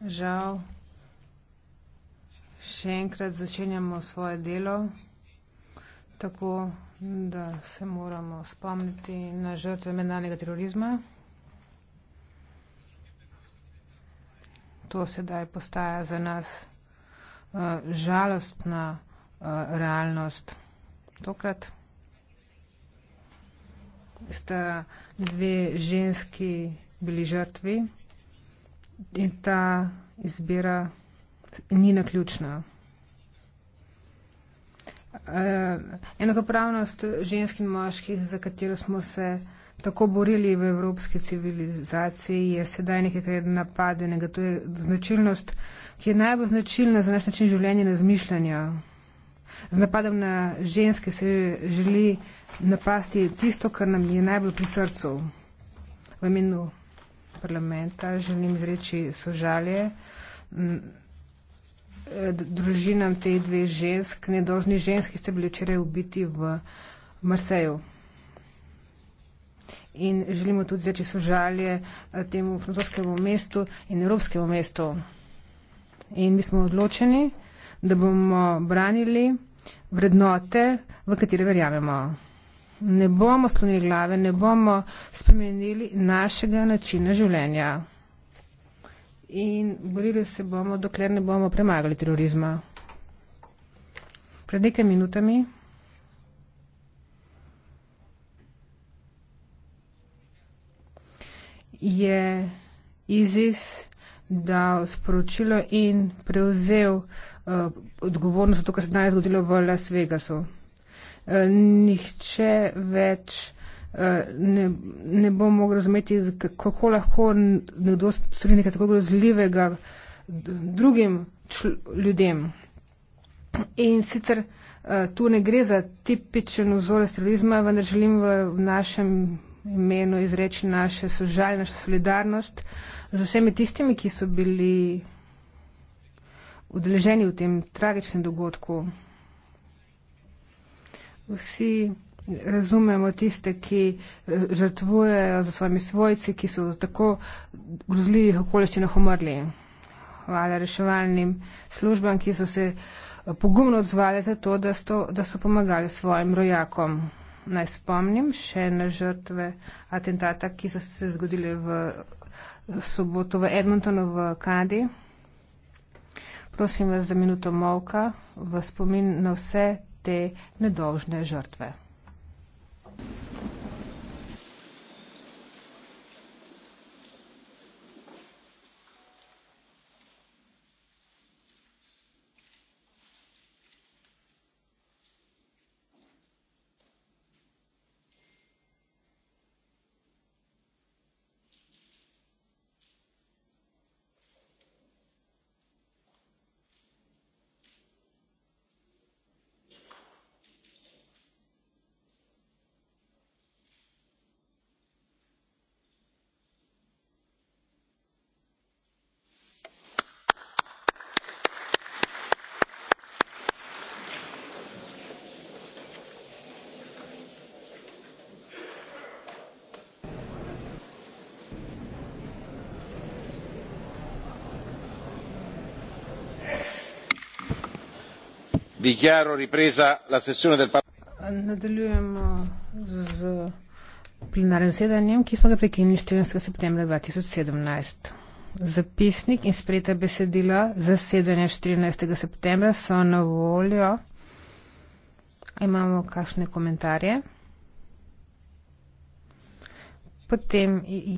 Žal. Še enkrat začenjamo svoje delo, tako da se moramo spomniti na žrtve mednarodnega terorizma. To sedaj postaja za nas uh, žalostna uh, realnost. Tokrat sta dve ženski bili žrtvi in ta izbira ni naključna. Eh, enakopravnost žensk in moških, za katero smo se tako borili v evropski civilizaciji, je sedaj nekaj kreden napadenega. To je značilnost, ki je najbolj značilna za naš način življenja in razmišljanja. Z napadom na ženske se želi napasti tisto, kar nam je najbolj pri srcu, v imenu parlamenta želim izreči sožalje družinam teh dveh žensk, nedožnih žensk, ki ste bili včeraj ubiti v Marseju. In želimo tudi izreči sožalje eh, temu francoskemu mestu in evropskemu mestu. In mi smo odločeni, da bomo branili vrednote, v katere verjamemo ne bomo slonili glave, ne bomo spremenili našega načina življenja. In borili se bomo, dokler ne bomo premagali terorizma. Pred nekaj minutami. je Iziz dal sporočilo in prevzel uh, odgovornost za to, kar se danes zgodilo v Las Vegasu. Eh, nihče več eh, ne, ne bo mogel razumeti, kako lahko nekdo stori nekaj tako grozljivega drugim ljudem. In sicer eh, tu ne gre za tipičen vzor terorizma, vendar želim v našem imenu izreči naše sožalje, našo solidarnost z vsemi tistimi, ki so bili udeleženi v tem tragičnem dogodku vsi razumemo tiste, ki žrtvujejo za svojimi svojci, ki so v tako grozljivih okoliščinah umrli. Hvala reševalnim službam, ki so se pogumno odzvali za to, da so, da so pomagali svojim rojakom. Naj spomnim še na žrtve atentata, ki so se zgodili v soboto v Edmontonu v Kadi. Prosim vas za minuto molka v spomin na vse te nedolžne žrtve. dichiaro ripresa la sessione del nadaljujemo s plenarnim zasedanjem ki smo ga prekinili štirinajstega septembra dva tisoč sedemnajst zapisnik in sprejeta besedila zasedanja štirinajstega septembra so na voljo imamo kakšne komentarje potem